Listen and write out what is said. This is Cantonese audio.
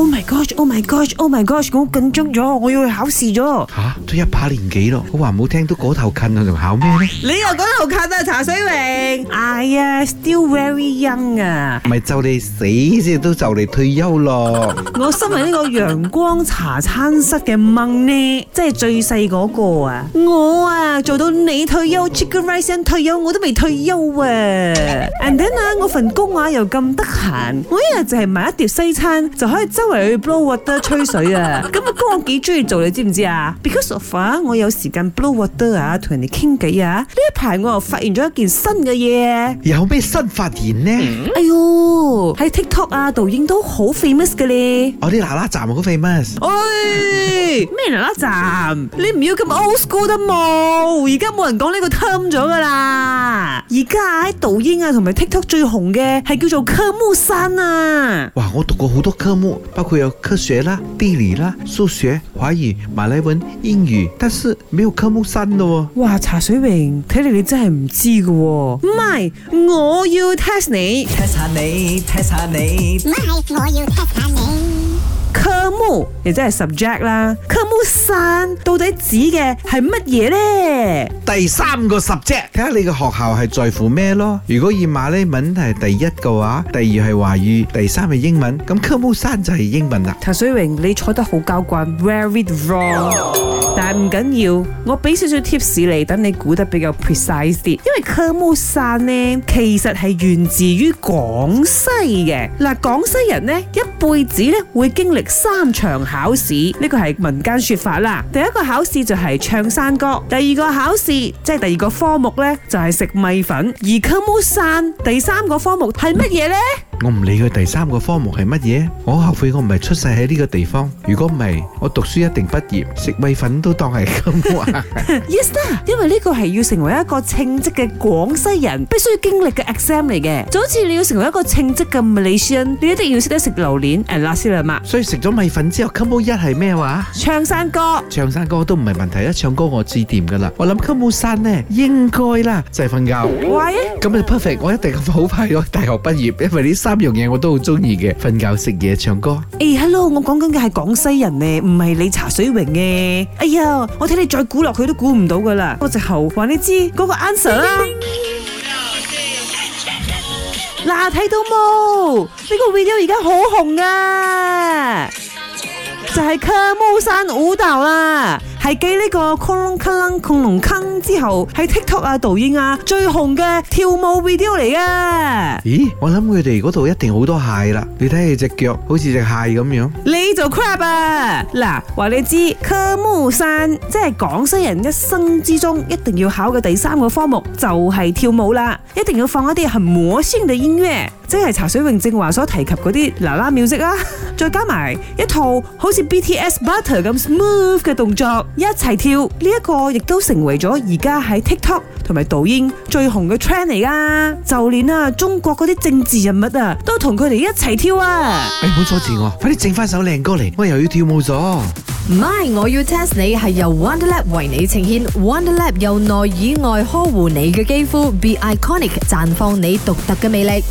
Oh my god! Oh my god! Oh my god! 我緊張咗，我要去考試咗。吓、啊，都一把年紀咯，我話唔好聽都嗰頭近，仲考咩呢？你又嗰頭近啊，茶水榮。哎呀 still very young 啊。咪就你死先，都就你退休咯。 我身為呢個陽光茶餐室嘅 mon 呢，即係最細嗰個啊。我啊做到你退休 chicken rice 退休我都未退休啊。And then 啊，我份工啊又咁得閒，我一日就係買一碟西餐就可以周。嚟 blow water 吹水啊！咁阿哥我幾中意做你知唔知啊？Because of of 我有時間 blow water 啊，同人哋傾偈啊！呢一排我又發現咗一件新嘅嘢。有咩新發現呢？哎呦，喺 TikTok 啊、抖音都好 famous 嘅咧。我啲啦啦站好 famous。喂，咩啦啦站？ 你唔要咁 old school 得冇？而家冇人講呢個 term 咗噶啦。而家喺抖音啊同埋 TikTok 最紅嘅係叫做科目三啊。哇！我讀過好多科目。包括有科學啦、地理啦、數學、華語、馬來文、英語，但是沒有科目三咯，哦。哇，查水泳，睇嚟，你真係唔知嘅。My，我要 test 你，test 下你，test 下你，My 我要 test 下你。科目，你真係 subject 啦，科目三到底指嘅係乜嘢咧？第三個十啫，睇下你個學校係在乎咩咯？如果以馬來文係第一嘅話，第二係華語，第三係英文，咁科目三就係英文啦。譚水榮，你坐得好交關，very wrong。但唔緊要，我俾少少 tips 你，等你估得比較 precise 啲。因為科目三咧，其實係源自於廣西嘅。嗱，廣西人呢，一輩子呢會經歷三場考試，呢個係民間說法啦。第一個考試就係唱山歌，第二個考試即係第二個科目呢就係食米粉。而科目三第三個科目係乜嘢呢？我唔理佢第三個科目係乜嘢，我後悔我唔係出世喺呢個地方。如果唔係，我讀書一定畢業，食米粉都當係咁。Yes，sir，因為呢個係要成為一個稱職嘅廣西人必須要經歷嘅 exam 嚟嘅。就好似你要成為一個稱職嘅 Malaysian，你一定要識得食榴蓮 and 辣椒嘛。所以食咗米粉之後，科目一係咩話？唱山歌。唱山歌都唔係問題，一唱歌我自掂㗎啦。我諗科目三咧，應該啦，就係瞓覺。喂，咁你 perfect，我一定好快咗大學畢業，因為啲山。三樣嘢我都好中意嘅，瞓覺、食嘢、唱歌。誒、hey，Hello，我講緊嘅係廣西人呢，唔係你茶水榮嘅。哎呀，我睇你再估落去都估唔到噶啦。我直喉話你知，嗰個 answer 啦。嗱，睇到冇？呢個 video 而家好紅啊，就係科目三舞蹈啦。係繼呢個恐龍坑之後，係 TikTok 啊、抖音啊最紅嘅跳舞 video 嚟嘅。咦，我諗佢哋嗰度一定好多蟹啦！你睇佢隻腳好似隻蟹咁樣。你做 crab 啊？嗱，話你知，科目三即係廣西人一生之中一定要考嘅第三個科目就係跳舞啦，一定要放一啲好魔性嘅音樂。即係茶水泳正華所提及嗰啲啦啦妙式啦，再加埋一套好似 BTS Butter 咁 smooth 嘅動作一齊跳呢一、這個，亦都成為咗而家喺 TikTok 同埋抖音最紅嘅 trend 嚟㗎。就連啊，中國嗰啲政治人物啊，都同佢哋一齊跳啊！你唔好阻住我，快啲整翻首靚歌嚟，我又要跳舞咗。唔係，我要 test 你係由 Wonderlab 為你呈現 Wonderlab 由內以外呵護你嘅肌膚，be iconic 綻放你獨特嘅魅力。